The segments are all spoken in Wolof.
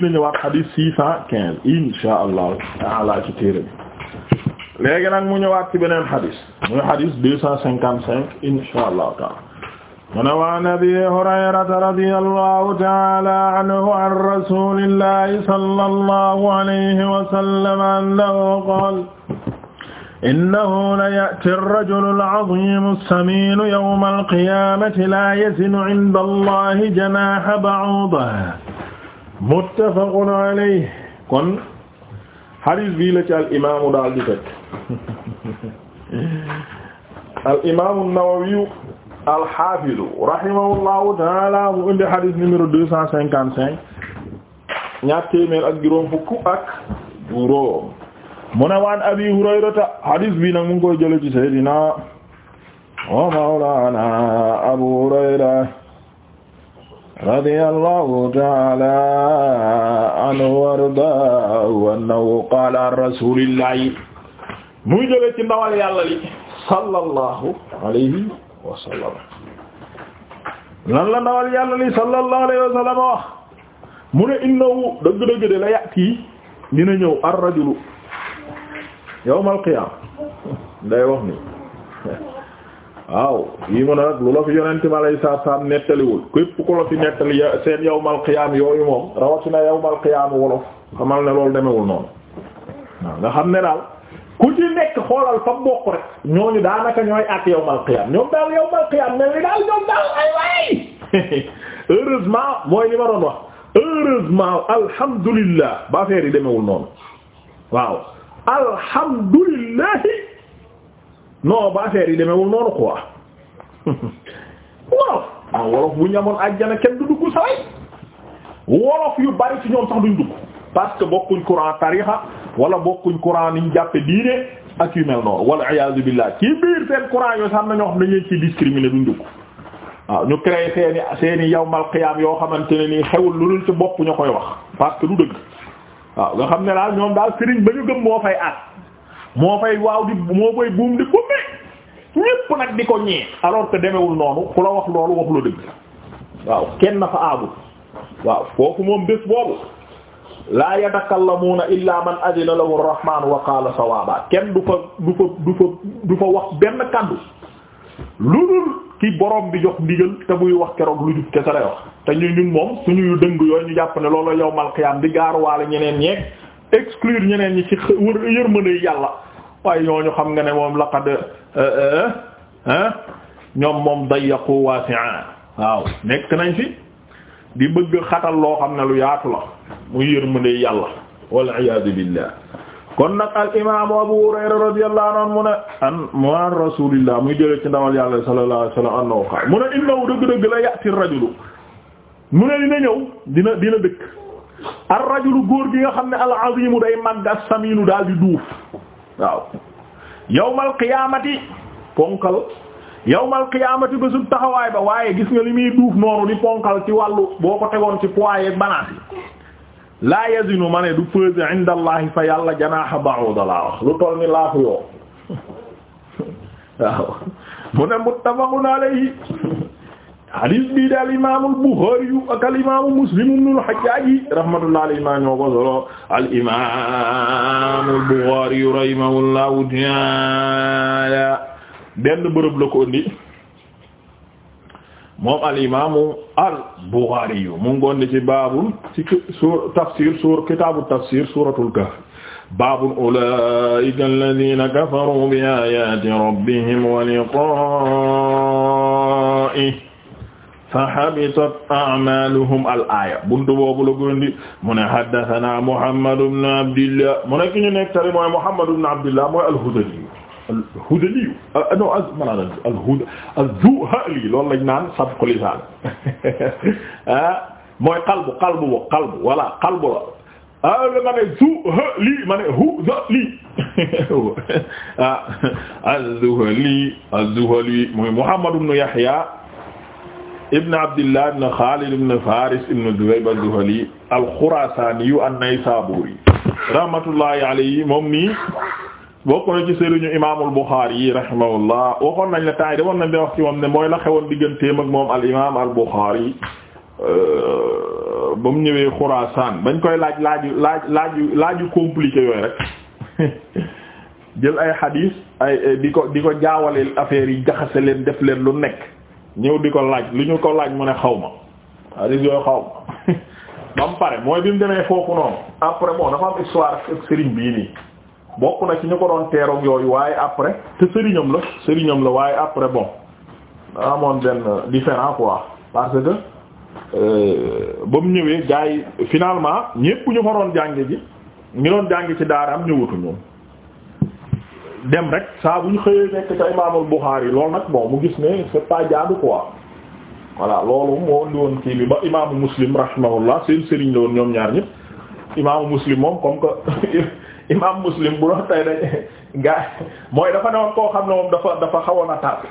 la ñëwaat xadis six cent quinze insha allahu taala ci téere bi léegi nag mu ñëwaat ci beneen xadis muy xadis deux cent cinquante cinq insha allahu taala mu ne waan abi hurayrata radiyallahu taala anhu an rasulillahi sallallahu alayhi wa sallam annahu qaala innahu la ya'ti ar-rajulu al-'azimu as-saminu yawma al-qiyamati la yazinu 'inda allahi janaha ba'udah muttafaqun alayhi kon hadis bii la al imaamu daal di teg al imaamu an-Nawawi al haafiz rahimahullahu taala mu indi hadis numéro deux cent cinquante cinq ñaar téeméer ak juróom fukk ak juróom mu ne waan Abi Hurayrata hadis bii nag mu ngi koy jële ci Seydina wa mawlaana Abu Hurayra radiyallahu ta'ala anhu wardahu annahu qaala an rasulillahi muy jóge ci ndawal yàlla li sallallahu alayhi wa sallam lan la ndawal yàlla li sallallahu alayhi wa sallam wax mu ne innahu dëgg-dëgg de la yàtti dina ñëw ar rajulu yawmal qiyaama day wax ni waaw yi mu a nag lu la fi yonent bi alayhi salaam nettaliwul képp ku la fi nettali seen yawmal qiyaam yooyu moom rawatina yawmal qiyaam wolof xamal ne loolu demewul noonu waaw nga xam ne daal ku ci nekk xoolal fa bokk rek ñooñu daanaka ñooy at yawmal qiyaam ñoom daal yawmal qiyaam mel ni daal ñoom daal ay waay heureusement mooy li ma doon wax heureusement alhamdulillah ba affaire yi demewul noonu waaw alhamdulillah non ba affaire yi demeewul noonu quoi wolof bu ñu amoon àjjana kenn du dugg saway wolof yu bari ci ñoom sax duñ dugg parce que bokkuñ courant tarixa wala bokkuñ courant niñ jàppe diine ak yu mel noonu wala iyaazu billah ci biir seen courant yooyu sax am na ñoo xam ne dañuy ci discriminer duñ dugg waaw ñu créé seeni seeni yawmal qiyaam yoo xamante ne nii xewul lu dul ci bopp ñu koy wax parce que du dëgg waaw nga xam ne daal ñoom daal sëriñ ba ñu gëm moo fay at moo fay waaw di moo fay buum di bumme ñépp nag di ko ñee alors que demewul noonu ku la wax loolu wax la dëgg waaw kenn na fa aagul waaw foofu moom bés boobu laa yatakallamuuna illa man adina lahu rahmaan wa qaala sawaaba kenn du fa du fa du fa du fa wax benn kàddu lu dul ki borom bi jox ndigal te buy wax keroog lu jub kese te ñu ñun moom suñuy dëng yooyu ñu jàpp ne loolu yawmal qiyaam di gaaruwaale ñeneen ñeeg exclure ñeneen ñi ci wër yàlla waaye ñooñu xam nga ne moom laqad ah ñoom moom dayyaqu wasi'a waaw nekk nañ fi di bëgg xatal loo xam ne lu yaatu la muy mu yërmande yàlla wal iyaadu billah kon nag al imaamu Abu Hurayra radiyallahu anhu mu ne mu an rasulillah muy jële ci ndawal yàlla sallallahu alayhi wasallam annahu qaala mu ne innahu dëgg-dëgg la ya'ti ar-rajulu mu ne dina ñëw dina dina dëkk ar-rajulu góor gi nga xam ne al-azimu day màgg as-saminu daal di duuf waaw yawmal yow ponkal yawmal qiyaamati bésul taxawaay ba waaye gis nga li muy duuf noonu di ponkal ci wàllu boo ko tegoon ci poids yeeg balance yi laa ma du peser inda allahi fa yàlla janaaxa ba'uda laa wax lu toll ni laafu yoo mu ne muttafaqun hadis bii daal imaamul Buxaari yu ak al imaamu Muslim ibnul Hajjaaj yi rahmatullah alayhi maa ñoo ko solo al imaamul Buxaari yu rahimahullahu ta'aala benn bërëb la ko indi moom al imaamu al Buxaari yu mu ngi ko indi ci baabul ci suur tafsir suur kitaabu tafsir suuratul Kahf baabul ulaa'ika allaziina kafaruu bi aayaati rabbihim wa liqaa'ihi fa habitat a'maluhum al aya buntu boobu la gondi mu ne haddathana Muhammad ibn Abdillah mu ne ki ñu nekk tari mooy Muhammad ibn Abdillah mooy al-Hudali al-Hudali ah non maanaam al-Hud az-Zuhali loolu lañ naan sabqu lisaan ah mooy qalbu qalbu bu qalbu voilà qalbu la ah ma ne Zuhali ma ne Hudali ah az-Zuhali az-Zuhali mooy Muhammad ibn Yahya ibn abdillah ibn khalid ibn faris ibn zubayb al-juhali al-khurasani an-naysaburi rahmatullahi alayhi moom nii bokk na ci sëriñu imaamul Buxaari yi waxoon nañ la taay demoon nañ la wax ci moom ne mooy la xewoon digganteem ak moom al imaam al Buxaari euh, ba mu ñëwee Xuraasaan bañ koy laaj laaj laaj laaj laaju compliqué yooyu rek jël ay xadiis ay di ko di ko jaawaleel affaire yi jaxase leen def leen lu nekk ñëw di ko laaj lu ñu ko laaj mu ne xaw ma hadis yooyu xaw ma ba pare mooy bi mu demee foofu noonu après bon dafa am histoire ak sëriñ bii nii bokk na ci ñu ko doon teeroog yooyu waaye après te sëriñam la sëriñam la waaye après bon amoon benn différent quoi parce que euh, ba mu ñëwee gars yi finalement ñépp ñu fa doon jànge ji ñu doon jànge ci daaraam ñëwatu ñoom dem rek saa bu ñu xëyee nekk ca imaamul Buxaari loolu nag bon mu gis ne c'est pas jaadu quoi voilà loolu moo indi woon kii bi ba imaamu Muslim rahimahullah seen sëriñ la woon ñoom ñaar ñëpp moom comme bu tey dañ mooy dafa ne moom dafa dafa xawoon a tàgg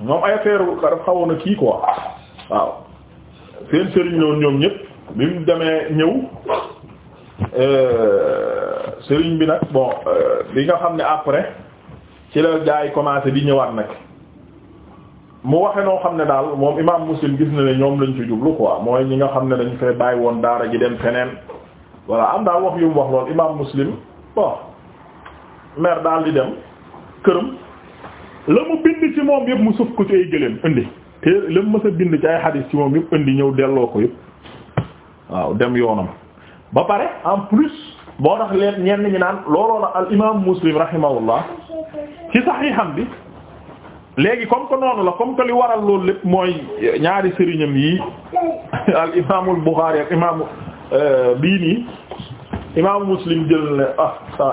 ñoom ay affaire xawoon a kii quoi waaw ñoom ñëpp bi mu demee ñëw euh, sëriñ bi nag bon li euh, nga xam ne après. ci la jaay yi commencé di ñëwaat nag mu waxe noo xam ne daal moom imaam muslim gis na ne ñoom lañ ci jublu quoi mooy ñi nga xam ne dañu fee bàyyi woon daara ji dem feneen voilà am daal wax yu mu wax lool imaam muslim bon mer daal di dem këram la mu bind ci moom yëpp mu suf ko ci ay gëléem indi te la mu mës a bind ci ay xadiis ci moom yëpp indi ñëw delloo ko yëpp waaw dem yoonam ba pare en plus boo tax leen ñenn ñi naan looloo a al imaam muslim ci saxiixam bi léegi comme que noonu la comme que li waral loolu lépp mooy ñaari sëriñam yi al imaamul Buxaari ak imaamu euh, bii nii imaamu Muslim jël ne ah saa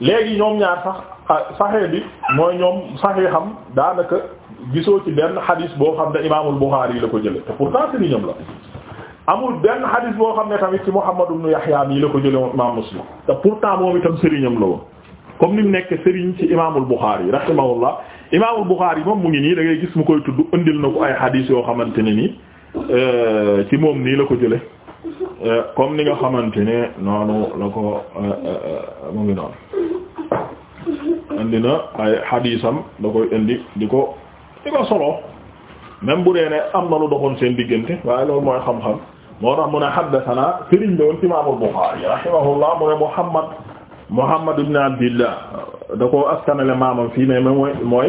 léegi ñoom ñaar sax ah, saxee bi mooy ñoom saxiixam daanaka gisoo ci benn xadis boo xam ne imaamul Buxaari yi la ko jële te pourtant sëriñam la. amul benn xadis boo xam ne tamit ci Muhammad ibn Yahya yi la ko jële moom imaam Muslim te pour pourtant moom itam sëriñam la woon. comme ni mu nekk sëriñ ci imaamul Buxaari rahimahullah imaamul Buxaari moom mu ngi nii da gis mu koy tudd indil na ko ay hadith yoo xamante ne nii euh, ci moom nii la ko jële euh, comme ni nga xamante ne noonu la ko euh, mu ngi noonu indi na ay hadisam da koy indi di ko di ko solo même bu dee ne am na lu doxoon seen diggante waaye loolu mooy xam-xam moo tax mu ne haddathana sëriñ la ci imaamul Buxaari rahimahullah mu ne Muhammad Muhammad ibn Abdillah da ko askanale maamam fii mais mooy mooy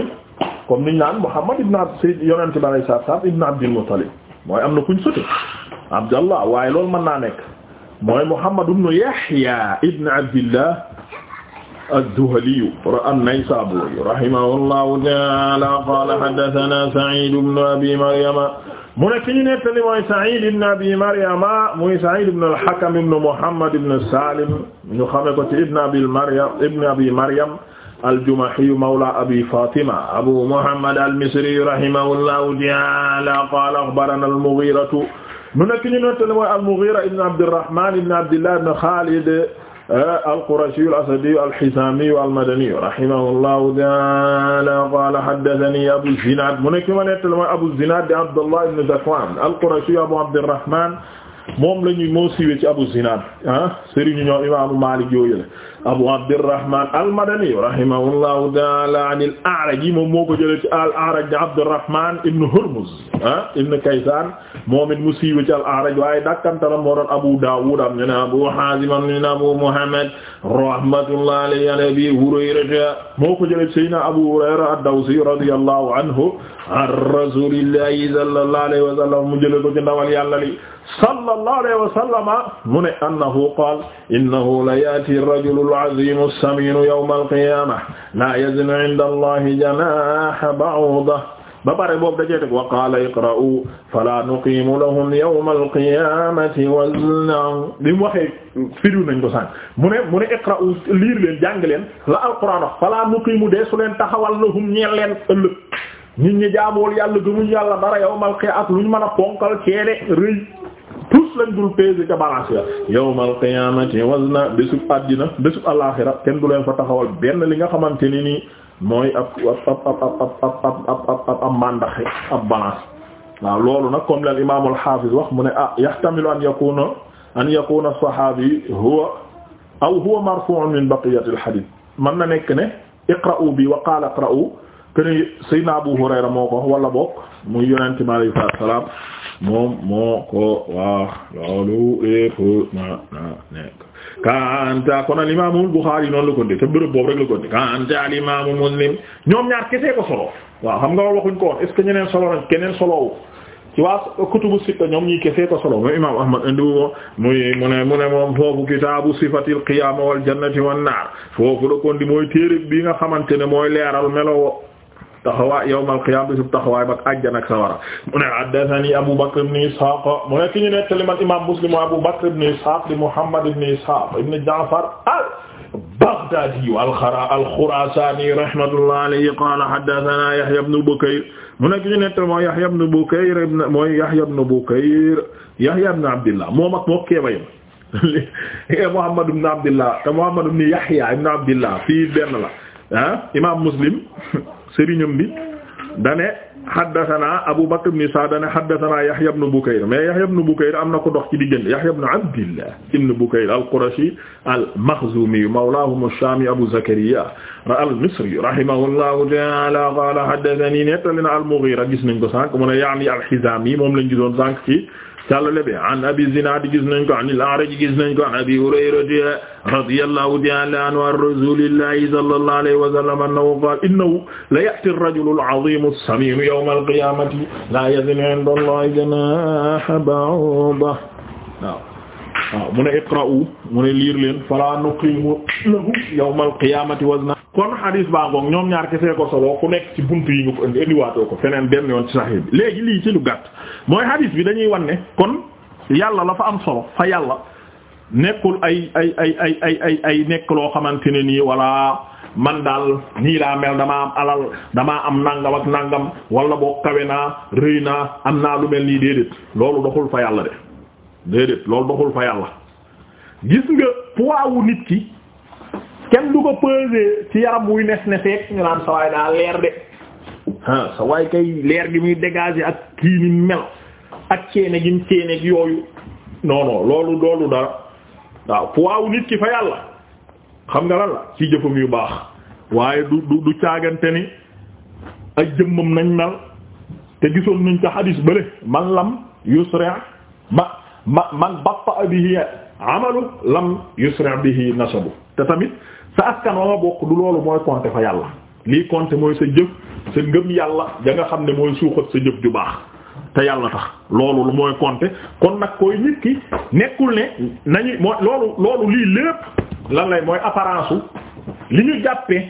comme niñ naan Muhammad ibn Abd Sayyid yonent bi alayhi salaam ibn Abdil Muttalib mooy am na kuñ sotti Abdallah waaye loolu mën naa nekk mooy Muhammad ibn Yahya ibn Abdillah ad-Duhali an-Naysaburi rahimahullahu ta'ala qala haddathana Sa'id ibn Abi Maryama mu ne ki ñu nettali mooy Sa'id ibn Abi Maryama muy Sa'id ibn al-Hakam ibn Muhammad ibn Salim ñu xame ko ci ibn Abi Maryam ibn Abi Maryam al-Jumahi mawla Abi Fatima Abu Muhammad al-Misri rahimahullahu ta'ala qala akhbarana al-Mughira mu ne ki ñu nettali mooy al-Mughira ibn Abd al-Rahman ibn Abdillah ibn Khalid Eh, al-Qurashiyyu al-Asadiyyu al-Hisamiyyu al-Madaniyyu rahimahullahu ta'ala qala haddathani Abu Zinad mu nekk ma nettali mooy Abu Zinad di Abdullah ibn Zakwan al-Qurashiyyu Abu Abdirrahman moom la ñuy moo siiwee ci Abu Zinad ah Serigne ñoom Imaamu Maalik yooyu la Abu Abdurrahman al-Madani rahimahullahu ta'ala an al-A'raj moom moo ko jëlee ci al-A'raj Abdurrahman ibn Hurmuz ah ibn Kaysan moom it mu siiw ci al-A'raj waaye dakkantaram moo doon Abu Dawud am ñu ne Abu Hazim am ñu ne Abu Muhammad rahmatullahi alayhi an Abi Hurayra moo ko jëlee Sayyidina Abu Hurayra ad-Dawsi radiyallahu anhu an Rasulillahi sallallahu alayhi wa sallam mu jëlee ko ci ndawal Yàlla li sallallahu alayhi wa sallama mu ne annahu qaala innahu la ya'ti ar-rajulu al-azimu as-saminu yawma al-qiyamah la yazinu inda allahi janaha ba'udah ba pare boobu dajee teg wa qala iqra'u fala nuqimu lahum yawma al-qiyamati wazna bi mu waxee firiw nañ ko sànq mu ne mu ne iqra'u liir leen jàng leen la alquran wax fala nuqimu dee su leen taxawal lahum ñeel leen ëllëg nit ñi jaamool yàlla gëmuñ yàlla dara yawmal qiyamah ak lu ñu mën a ponkal ceede rëy lañ dul peser ca balance ya yawmal qiyaamati wazna bésub àddina bésub alaaxira kenn du leen fa taxawal benn li nga xamante ni nii mooy ab ab ab ab ab ab ab mandaxe ab balance waaw loolu nag comme leen imaamul xaafiz wax mu ne ah yahtamilu an yakuna an yakuna as-saxaabi huwa aw huwa marfu'un min baqiyatil xadiis mën na nekk ne iqra'u bi wa qaala iqra'u kene Seydina Abu Hurayra moo ko wala bokk muy yonente mi alayhi salaam moom moo ko wax loolu lépp ma na nekk kanta kon al imaamu Buxaari noonu la ko def te bërëb boobu rek la ko def kanta al imaamu Muslim ñoom ñaar kese ko solo waaw xam nga waxuñ ko woon est-ce que ñeneen solo nañ keneen solowu ci waa kutubu sitta ñoom ñi kese ko solo moom imam ahmad indiwu muy mu ne mu ne moom foofu kitaabu sifatil qiyaama wal jannati foofu la kon di mooy téere bi nga xamante ne mooy leeral melo taxawaay yawmal qiyaam bisub taxawaay bak àjjana ak sawara mu ne haddathani Abu Bakr ibn Ishaq mu ne ki ñu nettali man imaam Muslim Abu Bakr ibn Ishaq di Muhammad ibn Ishaq ibn Ja'far al-Baghdadi al-Khurasani rahmatullahi alayhi qala haddathana Yahya ibn Bukayr mu ne ki ñu nettali mooy Yahya ibn Bukayr mooy Yahya ibn Bukayr Yahya ibn Abdillah moom ak moo keebayam eh, Muhammad ibn Abdillah te Muhammad ibn Yahya ibn Abdillah fii benn la ah imaam Muslim sëriñam bi dane haddathana Abu Bakr ibn Sa'd dane haddathana Yahya ibn Bukayr mais Yahya ibn Bukayr am na ko dox ci diggante Yahya ibn Abdillah ibn Bukayr al-Qurashi al-Makhzumi mawlahum ash-Shami Abu Zakariya al-Misri rahimahullahu ta'ala qala haddathani nettali na al-Mughira gis nañ ko sànq mu ne yaani al-Hizami moom lañ gisoon sànq ci càllale bi an abi zinad gis nañ ko an al-A'raj gis nañ ko an abi hurayrata radiyallahu ta'ala anhu an rasulillahi sallallahu alayhi wa sallam annahu qala innahu la ya'ti ar-rajulu al-'azim as-samim yawm al-qiyamati la yazni 'inda Allahi janaha ba'udah waaw waaw mu ne iqra'u mu ne liir leen fala nuqimu lahu yawm al-qiyamati wazna kon hadis baa ñoom ñaar kesee ko solo ku nekk ci bunt yi nga ko indi indiwaatoo ko feneen benn yoon ci Sahih bi léegi lii ci lu gàtt mooy hadis bi dañuy wan ne kon yàlla la fa am solo fa yàlla nekkul ay ay ay ay ay ay ay nekk loo xamante ne nii wala man daal nii laa mel damaa am alal damaa am nangam ak nangam wala boo kawe naa rëy naa am naa lu mel nii déedéet loolu doxul fa yàlla de déedéet loolu doxul fa yàlla gis nga poids wu nit ki. kenn du ko peser ci yaram wuy nes neseeg ñu naan sa waay daa leer de ah sa kay leer gi muy dégager ak kii ni mel ak ceene gi mu ceene yooyu non non loolu loolu dara waaw poids nit ki fa yàlla xam nga lan la ci jëfam yu baax waaye du du caagante ni ay jëmmam nañ mel te gisoon nañ ca xadis bële man lam yusra ma ma man batta bihi amalu lam yusra bihi nasabu te tamit sa askan wa nga bokk du loolu mooy compter fa yàlla lii compter mooy sa jëf sa ngëm yàlla ja nga xam ne mooy suuxat sa jëf ju baax te yàlla tax loolu mooy compter kon nag koy nit ki nekkul ne nañu mooy loolu loolu lii lépp lan lay mooy apparence li ñu jàppee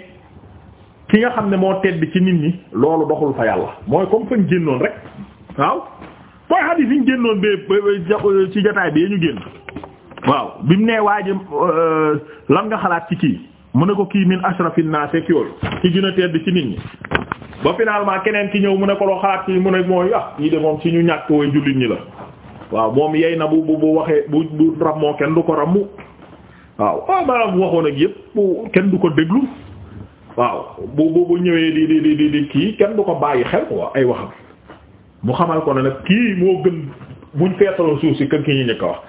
ki nga xam ne moo tedd ci nit ñi loolu doxul fa yàlla mooy comme fañ génnoon rek waaw mooy xadis yi ñu génnoon bee ci jotaay bi ñu génn waaw bi mu nee waa ji euh, lan nga xalaat ci kii mu ne ko kii miin ashrafin nas ak yooyu ci gën a tedd ci nit ñi ba finalement keneen ki ñëw mu ne ko loo xalaat yi mu ne mooy ah yi de moom ci ñu ñàkk way jullit ñi la waaw moom yey na bu bu bu waxee bu bu ram moo kenn du ko rammu waaw ah maanaam waxoon ak yëpp kenn du ko déglu waaw bu bu bu ñëwee di di di di kii kenn du ko bàyyi xel quoi ay waxam mu xamal ko ne nag kii moo gën buñ feetaloo suuf si kër ki ñu njëkk wax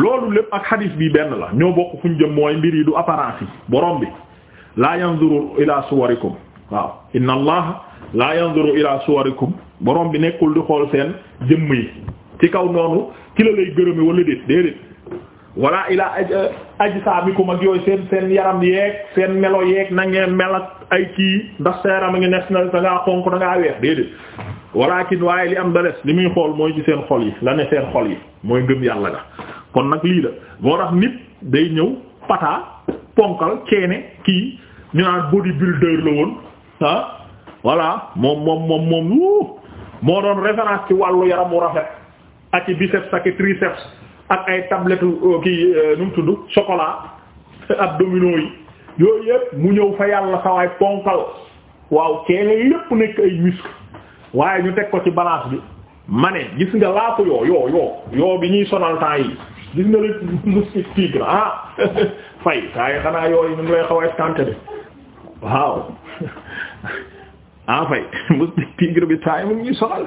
loolu lépp ak xadiis bi benn la ñoo bokk fu ñu jëm mooy mbir yi du apparence yi borom bi laa yanzuru ila suwarikum waaw inna allah laa yanzuru ila suwarikum borom bi nekkul di xool seen jëm yi ci kaw noonu ki la lay gërëme wala déet déedéet wala ila ajsaamikum ak yooyu seen seen yaram yeeg seen melo yeeg na ngeen mel ak ay kii ndax sa yaram a ngi nekk na da xonq xonk da ngaa weex déedéet walakin waaye li am dales li muy xool mooy ci seen xol yi la seen xol yi mooy ngëm yàlla ga kon nag lii la moo tax nit day ñëw pata ponkal ceene kii ñu naan bodybuilder la woon ah voilà moom moom moom moom moo doon référence ci wàllu yaram wu rafet ak ci biceps ak triceps ak ay tablette euh, kii euh, nu tudd chocolat abdominaux yi yooyu yëpp mu ñëw fa yàlla sawaay ponkal waaw ceene lépp nekk ay muscle waaye ñu teg ko ci balance bi ma ne gis nga laa ko yoo yoo yoo yoo bi ñuy sonal temps yi gis nga rek moustique tigre ah fay saa yi xanaa yooyu ñu ngi lay xaw a escanté de waaw ah fay moustique tigre bi saa yi mu ngi soxal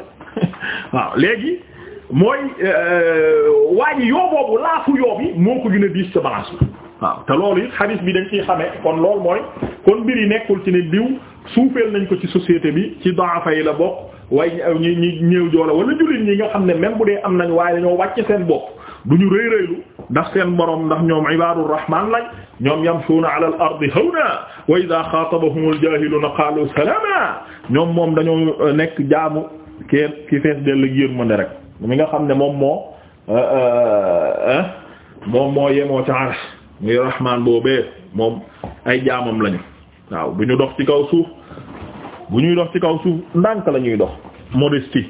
waaw léegi mooy euh, waa ji yoo boobu laafu yoo moo ko gën a diis sa balance bi waaw te loolu it xadiis bi dañ ciy xamee kon loolu mooy kon mbir yi nekkul ci ne diw suufeel nañ ko ci société bi ci daafa yi la bokk waaye ñi ñi ñëw joola wala jullit ñi nga xam ne même bu dee am nañ waaye dañoo wàcc seen bopp. du ñu rëy rëylu ndax seen borom ndax ñoom ibadur rahman lañ ñoom yamshuuna ala al ardi hawna wa idha xaatabahum al jaahiluuna salaama ñoom moom dañoo euh, nekk jaamu keen ki fees dell ak yërmande rek mi nga xam ne moom moo euh, euh, moom moo yemoo ca arsh muy rahman boobee moom ay jaamam lañu waaw du ñu dox ci kaw suuf bu ñuy dox ci kaw suuf ndànk la ñuy dox modestie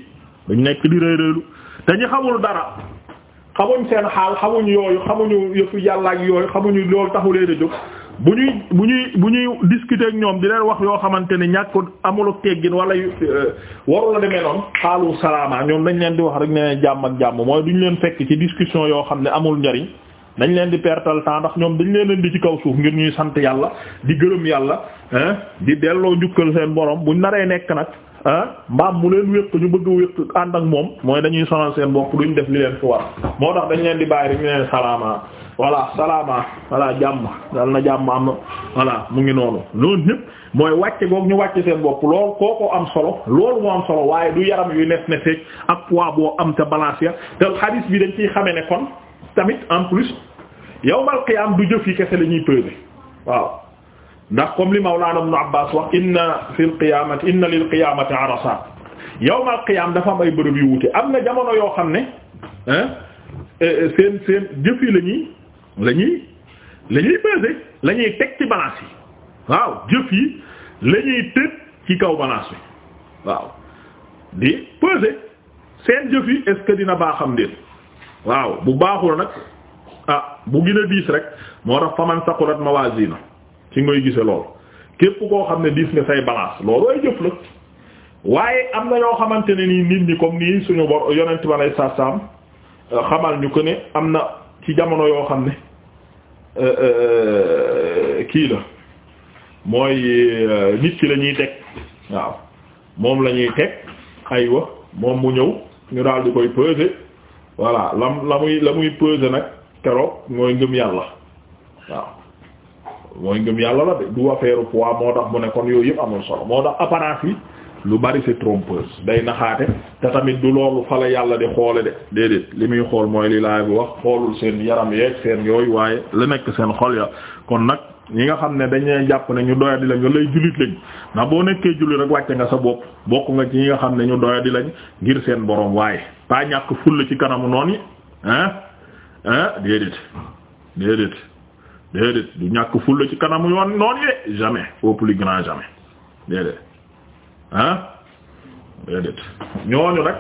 dañ nekk di rëy rëylu te ñu xamul dara xamuñ seen xaal xamuñ yooyu xamuñu yëfu yàlla ak yooyu xamuñu loolu taxu leen a jóg bu ñuy bu ñuy bu ñuy discuter ñoom di leen wax yoo xamante ne ñàkk ko amul teggin wala euh, waru la demee noonu xaalu salaama ñoom dañ leen di wax rek ne jàmm ak jàmm mooy duñ leen fekk ci discussion yoo xam ne amul njariñ dañ leen di pertal temps ndax ñoom dañ leen di ci kaw suuf ngir ñuy sant yàlla di gërëm yàlla di delloo njukkal seen borom ñu naree nekk nag. ah mbaam mu leen wéq ñu bëgg wéq ànd ak moom mooy dañuy sonal seen bopp ñu def li leen fi war moo tax dañu leen di bàyyi rek leen salama voilà salama voilà jàmm dal na jàmm am na voilà mu ngi noonu loolu ñëpp mooy wàcc goog ñu wàcc seen bopp lool kookoo am solo loolu moo am solo waaye du yaram yu nes ne feeg ak poids boo am te balance ya te hadith bi dañ ciy xamee ne kon tamit en plus yawmal qiyaam du jëf yi kese la ñuy waaw ndax comme li Mawlana Ibn Abbas wax inna li qiyaamati inna lil qiyaamati arasaat yawmal qiyaam dafa am ay bërëb yu wute am na jamono yoo xam ne eh, eh, seen seen jëf yi la ñuy la ñuy la teg ci balance yi waaw jëf yi la ñuy ci kaw balance bi waaw di peser seen jëf yi est dina baaxam déet waaw bu baaxul nag ah bu gën a diis rek moo tax faman saqulat mawaazina ci ngay gise lool képp koo xam ne diis nga say balance loolu ay jëf la waaye am na yoo xamante ne nii nit ñi comme nii suñu bor yonent ba lay saasaam euh, xamal ñu ko ne am na ci jamono yoo xam ne euh, euh, kii la mooy nit ki la ñuy teg waaw moom la ñuy teg aywa moom mu ñëw ñu daal koy peser voilà la muy la muy peser nag keroog mooy ngëm yàlla waaw mooy ngëm yàlla la de du affaire poids moo tax mu ne kon yooyu yëpp amul solo moo tax apparence yi lu bari c'est trompeuse day naxaate te tamit du loolu fala yàlla di xoole de déedéet li muy xool mooy li laay bi wax xoolul seen yaram yeeg seen yooyu waaye la nekk seen xol ya kon nag ñi nga xam ne dañuy jàpp ne ñu doya di lañ nga lay jullit lañ ndax boo nekkee jullit rek wàcce nga sa bopp bokk nga ci ñi nga xam ne ñu doya di lañ ngir seen borom waaye pas ñàkk fulla ci kanamu noon yi déedéet du ñàkk fulla ci kanamu yoon noonu yee jamais au plus grand jamais déedéet ah déedéet ñooñu nag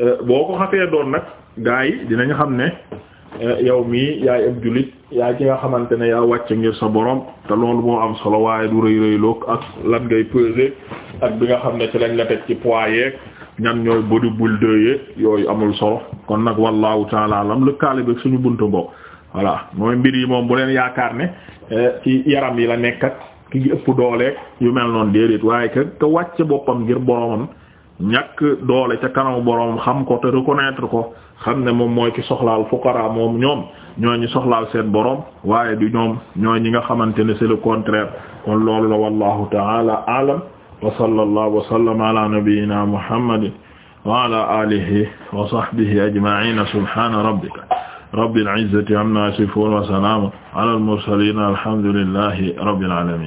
euh, boo ko xafee doon nag gaa yi dinañ xam ne euh, yow mii yaay ab jullit yaa ci nga xamante ne yaa wàcc ngir sa borom te loolu moo am solo waaye du rëy rëyloog ak lan ngay peser ak bi nga xam ne ci lañ la teg ci poids yeeg ñan ñooy body builders yooyu amul solo kon nag wallahu taala alam lëkkaale bi suñu buntu mbokk voilà mooy mbir yi moom bu leen yaakaar ne ki eh, yaram yi la nekk ki ëpp dooleeg yu mel noonu déedéet waaye que que wàcc boppam ngir boromam ñàkk doole ca kanamu boromam xam ko te reconnaître ko xam ne moom mooy ki soxlaal fuqara moom ñoom ñoo ñi soxlaal seen borom waaye du ñoom ñooy ñi nga xamante ne c'est le contraire kon loolu la wallahu ta'ala a'lam wa sallallahu wa sallama ala nabiyyina muhammadin wa ala wa sahbihi ajma'ina subhana rabbika rabbil izzati amma yasifun wa salamun ala al mursalin alhamdulillahi rabbil alamin